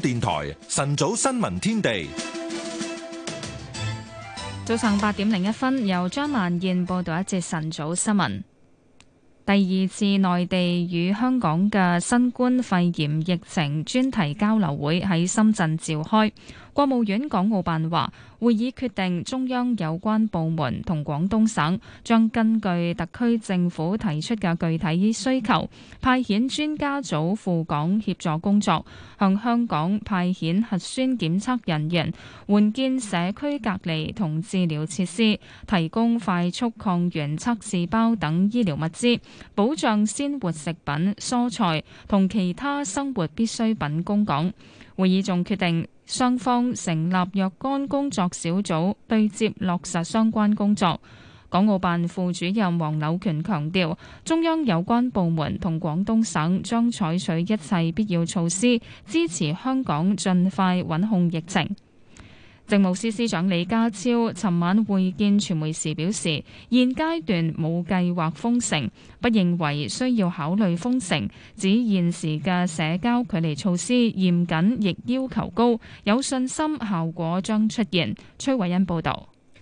電台晨早新聞天地，早上八點零一分，由張曼燕報道一節晨早新聞。第二次內地與香港嘅新冠肺炎疫情專題交流會喺深圳召開。國務院港澳辦話，會議決定，中央有關部門同廣東省將根據特區政府提出嘅具體需求，派遣專家組赴港協助工作，向香港派遣核酸檢測人員，援建社區隔離同治療設施，提供快速抗原測試包等醫療物資，保障鮮活食品、蔬菜同其他生活必需品供港。會議仲決定。雙方成立若干工作小組，對接落實相關工作。港澳辦副主任黃柳權強調，中央有關部門同廣東省將採取一切必要措施，支持香港盡快穩控疫情。政務司司長李家超尋晚會見傳媒時表示，現階段冇計劃封城，不認為需要考慮封城。指現時嘅社交距離措施嚴謹，亦要求高，有信心效果將出現。崔偉恩報道。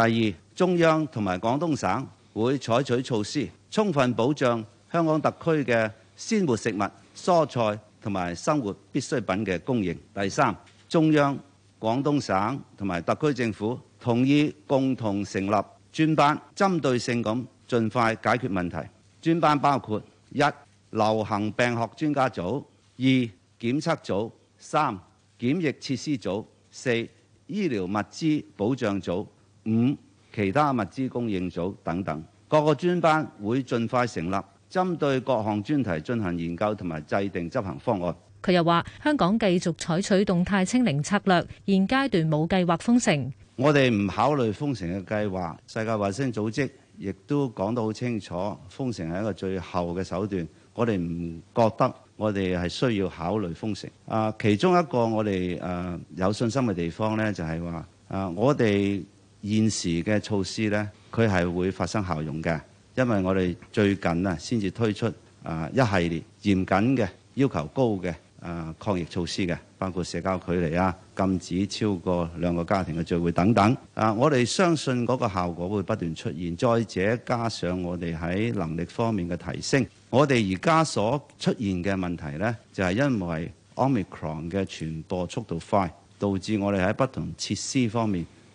第二，中央同埋廣東省會採取措施，充分保障香港特區嘅鮮活食物、蔬菜同埋生活必需品嘅供應。第三，中央、廣東省同埋特區政府同意共同成立專班，針對性咁盡快解決問題。專班包括一流行病學專家組、二檢測組、三檢疫設施組、四醫療物資保障組。五其他物資供應組等等，各個專班會盡快成立，針對各項專題進行研究同埋制定執行方案。佢又話：香港繼續採取動態清零策略，現階段冇計劃封城。我哋唔考慮封城嘅計劃。世界衞生組織亦都講得好清楚，封城係一個最後嘅手段。我哋唔覺得我哋係需要考慮封城。啊，其中一個我哋誒、啊、有信心嘅地方呢，就係、是、話啊，我哋。現時嘅措施呢，佢係會發生效用嘅，因為我哋最近啊，先至推出啊一系列嚴謹嘅要求高嘅啊抗疫措施嘅，包括社交距離啊、禁止超過兩個家庭嘅聚會等等。啊，我哋相信嗰個效果會不斷出現。再者，加上我哋喺能力方面嘅提升，我哋而家所出現嘅問題呢，就係因為 Omicron 嘅傳播速度快，導致我哋喺不同設施方面。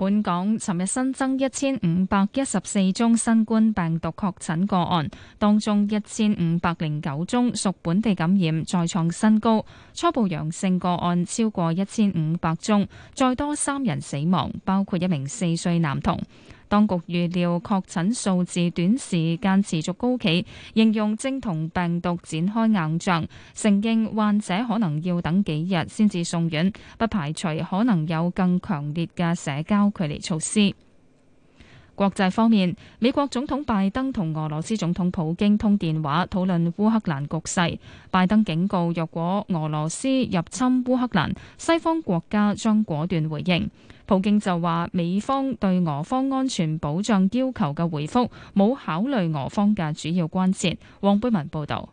本港尋日新增一千五百一十四宗新冠病毒確診個案，當中一千五百零九宗屬本地感染，再創新高。初步陽性個案超過一千五百宗，再多三人死亡，包括一名四歲男童。當局預料確診數字短時間持續高企，形容正同病毒展開硬仗，承認患者可能要等幾日先至送院，不排除可能有更強烈嘅社交距離措施。國際方面，美國總統拜登同俄羅斯總統普京通電話，討論烏克蘭局勢。拜登警告，若果俄羅斯入侵烏克蘭，西方國家將果斷回應。普京就話，美方對俄方安全保障要求嘅回覆冇考慮俄方嘅主要關切。黃貝文報道，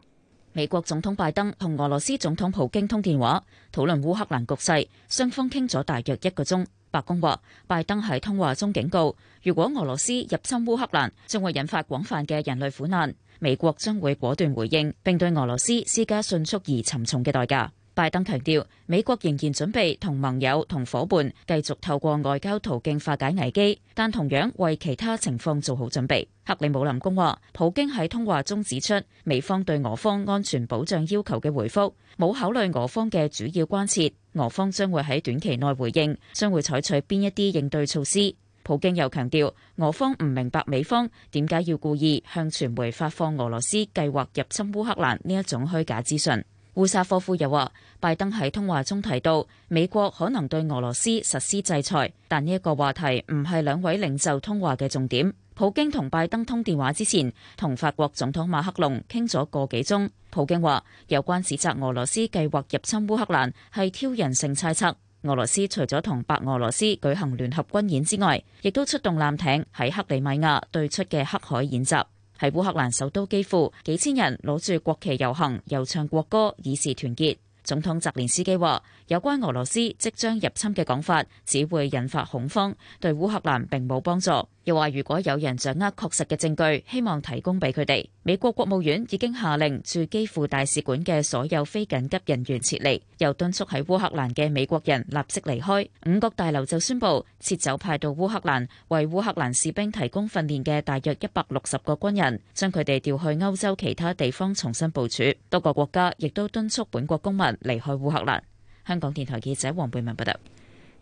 美國總統拜登同俄羅斯總統普京通電話討論烏，討論烏克蘭局勢，雙方傾咗大約一個鐘。白宮話，拜登喺通話中警告，如果俄羅斯入侵烏克蘭，將會引發廣泛嘅人類苦難。美國將會果斷回應，並對俄羅斯施加迅速而沉重嘅代價。拜登強調，美國仍然準備同盟友同伙伴繼續透過外交途徑化解危機，但同樣為其他情況做好準備。克里姆林宮話，普京喺通話中指出，美方對俄方安全保障要求嘅回覆，冇考慮俄方嘅主要關切。俄方將會喺短期內回應，將會採取邊一啲應對措施。普京又強調，俄方唔明白美方點解要故意向傳媒發放俄羅斯計劃入侵烏克蘭呢一種虛假資訊。烏沙科夫又話，拜登喺通話中提到美國可能對俄羅斯實施制裁，但呢一個話題唔係兩位領袖通話嘅重點。普京同拜登通電話之前，同法國總統馬克龍傾咗個幾鐘。普京話有關指責俄羅斯計劃入侵烏克蘭係挑釁性猜測。俄羅斯除咗同白俄羅斯舉行聯合軍演之外，亦都出動艦艇喺克里米亞對出嘅黑海演習。喺烏克蘭首都基輔幾千人攞住國旗遊行，又唱國歌，以示團結。總統澤連斯基話。有關俄羅斯即將入侵嘅講法只會引發恐慌，對烏克蘭並冇幫助。又話如果有人掌握確實嘅證據，希望提供俾佢哋。美國國務院已經下令駐基輔大使館嘅所有非緊急人員撤離，又敦促喺烏克蘭嘅美國人立即離開。五角大樓就宣布撤走派到烏克蘭為烏克蘭士兵提供訓練嘅大約一百六十個軍人，將佢哋調去歐洲其他地方重新部署。多個國家亦都敦促本國公民離開烏克蘭。香港電台記者王貝文報道：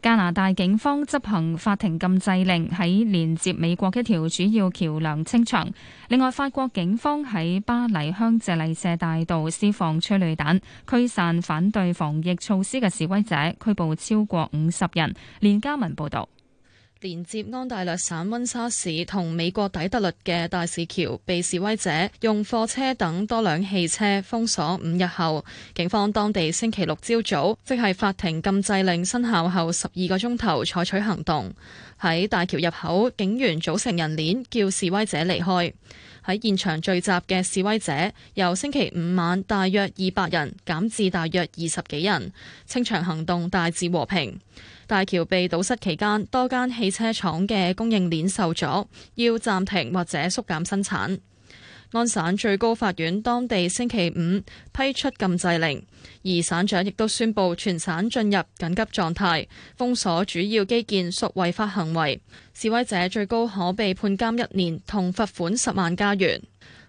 加拿大警方執行法庭禁制令，喺連接美國一條主要橋樑清場。另外，法國警方喺巴黎香榭麗舍大道施放催淚彈，驅散反對防疫措施嘅示威者，拘捕超過五十人。連家文報道。連接安大略省溫莎市同美國底特律嘅大使橋，被示威者用貨車等多輛汽車封鎖。五日後，警方當地星期六朝早，即係法庭禁制令生效後十二個鐘頭採取行動。喺大橋入口，警員組成人鏈叫示威者離開。喺現場聚集嘅示威者由星期五晚大約二百人減至大約二十幾人。清場行動大致和平。大橋被堵塞期間，多間汽車廠嘅供應鏈受阻，要暫停或者縮減生產。安省最高法院當地星期五批出禁制令，而省長亦都宣布全省進入緊急狀態，封鎖主要基建屬違法行為。示威者最高可被判監一年，同罰款十萬加元。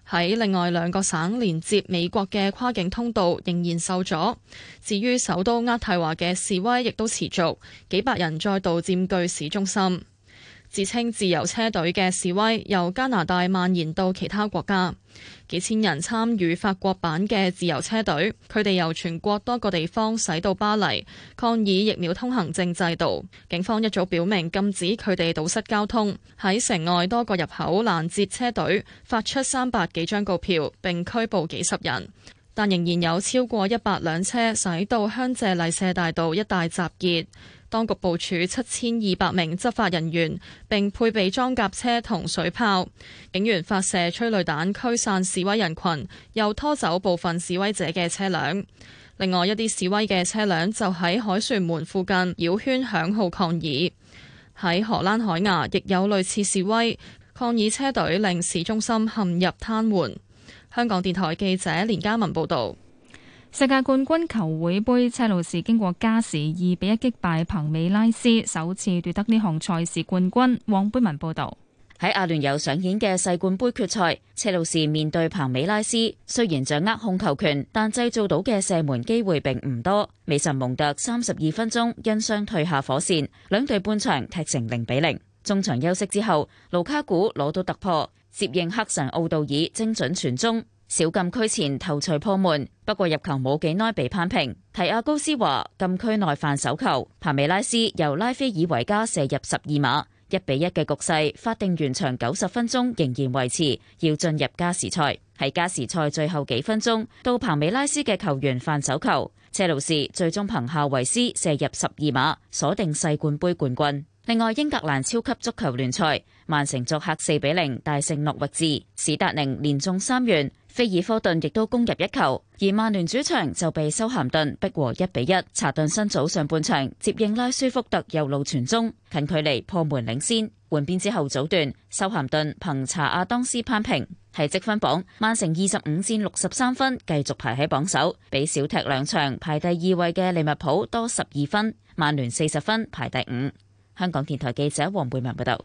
喺另外兩個省連接美國嘅跨境通道仍然受阻。至於首都渥太華嘅示威亦都持續，幾百人再度佔據市中心。自稱自由車隊嘅示威由加拿大蔓延到其他國家，幾千人參與法國版嘅自由車隊，佢哋由全國多個地方駛到巴黎抗議疫苗通行證制度。警方一早表明禁止佢哋堵塞交通，喺城外多個入口攔截車隊，發出三百幾張告票並拘捕幾十人，但仍然有超過一百輛車駛到香榭麗舍大道一帶集結。當局部署七千二百名執法人員，並配備裝甲車同水炮。警員發射催淚彈驅散示威人群，又拖走部分示威者嘅車輛。另外一啲示威嘅車輛就喺凱旋門附近繞圈響號抗議。喺荷蘭海牙，亦有類似示威抗議車隊，令市中心陷入癱瘓。香港電台記者連嘉文報道。世界冠軍球會盃，車路士經過加時二比一擊敗彭美拉斯，首次奪得呢項賽事冠軍。黃培文報道：喺阿聯酋上演嘅世冠盃決賽，車路士面對彭美拉斯，雖然掌握控球權，但製造到嘅射門機會並唔多。美神蒙特三十二分鐘因傷退下火線，兩隊半場踢成零比零。中場休息之後，盧卡古攞到突破，接應黑神奧道爾，精準傳中。小禁區前頭槌破門，不過入球冇幾耐被扳平。提亞高斯話禁區內犯手球。彭美拉斯由拉斐爾維加射入十二碼，一比一嘅局勢，法定完場九十分鐘仍然維持，要進入加時賽。喺加時賽最後幾分鐘，到彭美拉斯嘅球員犯手球。車路士最終憑夏維斯射入十二碼，鎖定世冠杯冠軍。另外，英格蘭超級足球聯賽，曼城作客四比零大勝諾域治，史達寧連中三元。菲爾科頓亦都攻入一球，而曼聯主場就被修咸頓逼和一比一。查頓辛祖上半場接應拉舒福特右路傳中，近距離破門領先。換邊之後早段，修咸頓憑查亞當斯扳平。係積分榜，曼城二十五戰六十三分，繼續排喺榜首，比少踢兩場排第二位嘅利物浦多十二分。曼聯四十分排第五。香港電台記者黃貝文報道。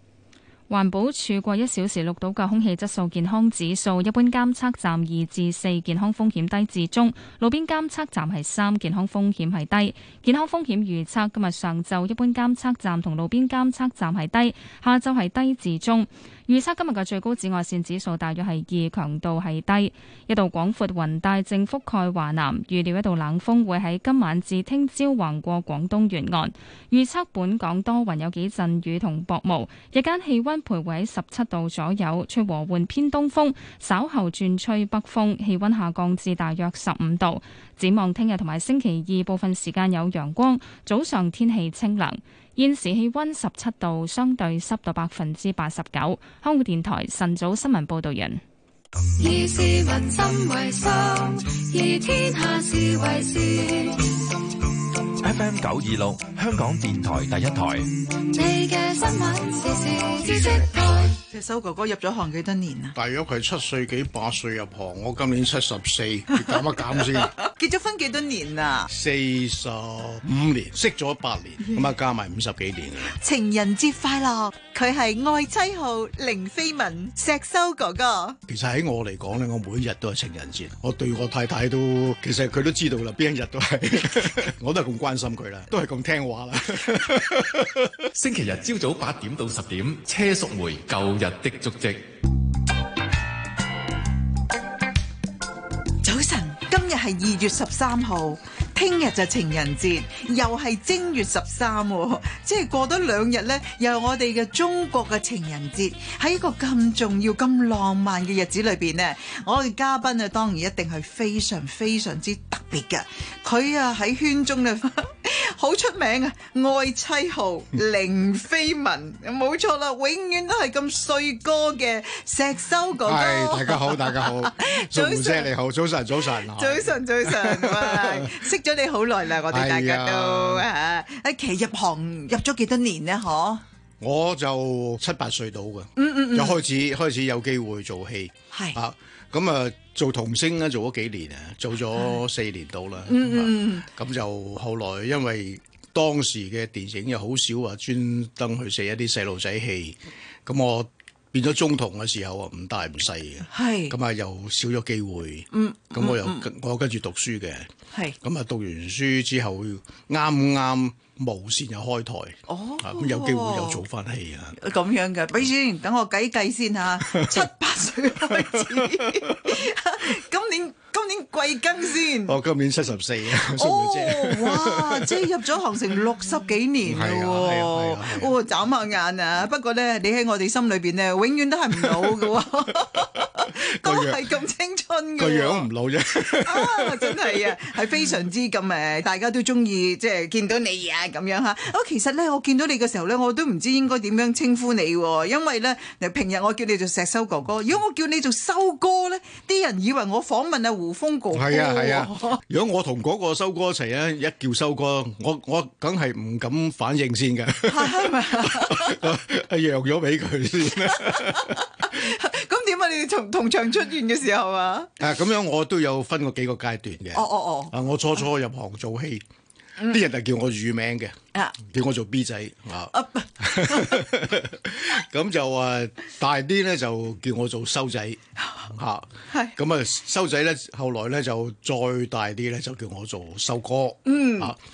環保署過一小時錄到嘅空氣質素健康指數，一般監測站二至四，健康風險低至中；路邊監測站係三，健康風險係低。健康風險預測今日上晝一般監測站同路邊監測站係低，下晝係低至中。預測今日嘅最高紫外線指數大約係二，強度係低。一道廣闊雲帶正覆蓋華南，預料一道冷風會喺今晚至聽朝橫過廣東沿岸。預測本港多雲有幾陣雨同薄霧，日間氣温徘徊喺十七度左右，吹和緩偏東風，稍後轉吹北風，氣溫下降至大約十五度。展望聽日同埋星期二部分時間有陽光，早上天氣清涼。現時氣溫十七度，相對濕度百分之八十九。香港電台晨早新聞報道人。FM 九二六，香港電台第一台。你嘅新聞，石修 哥哥入咗行幾多年啊？大約係七歲幾、八歲入行，我今年七十四，減一減先？結咗婚幾多年啊？四十五年，識咗八年，咁啊加埋五十幾年啦。情人節快樂！佢係愛妻號凌飛文石修哥哥。其實喺我嚟講咧，我每日都係情人節，我對我太太都，其實佢都知道啦，邊一日都係， 我都係咁關心佢啦，都係咁聽話啦。 星期日朝早八點到十點，車淑梅舊日的足迹。係二月十三號，聽日就情人節，又係正月十三， 即係過多兩日呢，又係我哋嘅中國嘅情人節。喺一個咁重要、咁浪漫嘅日子裏邊呢，我哋嘉賓啊，當然一定係非常非常之特別嘅。佢啊喺圈中咧。 好出名啊！愛妻號凌飛文，冇錯啦，永遠都係咁帥哥嘅石修哥哥。係，大家好，大家好，早晨，姐你好，早晨早晨早晨早晨，識咗你好耐啦，我哋大家都吓。誒，其實入行入咗幾多年咧？嗬，我就七八歲到嘅。嗯嗯嗯，就開始開始有機會做戲，係啊。咁啊，做童星咧做咗幾年啊，做咗四年到啦。嗯的嗯，咁就、嗯、後來因為當時嘅電影又好少話專登去寫一啲細路仔戲，咁我變咗中童嘅時候啊，唔大唔細嘅，係的，咁啊、嗯嗯、又少咗機會。嗯，咁、嗯、我、嗯、又我跟住讀書嘅，係，咁啊讀完書之後啱唔啱？啱啱無線又開台哦，咁、嗯、有機會又做翻戲啊！咁樣嘅，俾先等我計計先吓， 七八歲開始 今，今年更、哦、今年貴庚先？我今年七十四啊！哦，哇， 即係入咗行成六十幾年啦喎，哇、 啊，眨、啊啊啊啊啊哦、下眼啊！ 不過咧，你喺我哋心裏邊咧，永遠都係唔老嘅。個樣係咁青春嘅，個樣唔老啫。啊，真係啊，係非常之咁誒，大家都中意即係見到你啊咁樣吓。我其實咧，我見到你嘅時候咧，我都唔知應該點樣稱呼你。因為咧，平日我叫你做石修哥哥，如果我叫你做修哥咧，啲人以為我訪問阿胡楓哥哥。係啊係啊。如果我同嗰個修哥一齊咧，一叫修哥，我我梗係唔敢反應先㗎。係咪啊？係讓咗俾佢先。咁。你哋同同場出現嘅時候啊？誒，咁樣我都有分過幾個階段嘅。哦哦哦。啊，我初初入行做戲，啲、mm. 人就叫我乳名嘅，叫我做 B 仔啊。咁、uh. 就話大啲咧，就叫我做收仔。吓，係。咁啊，收、 啊、仔咧，後來咧就再大啲咧，就叫我做收哥。嗯。啊。Mm.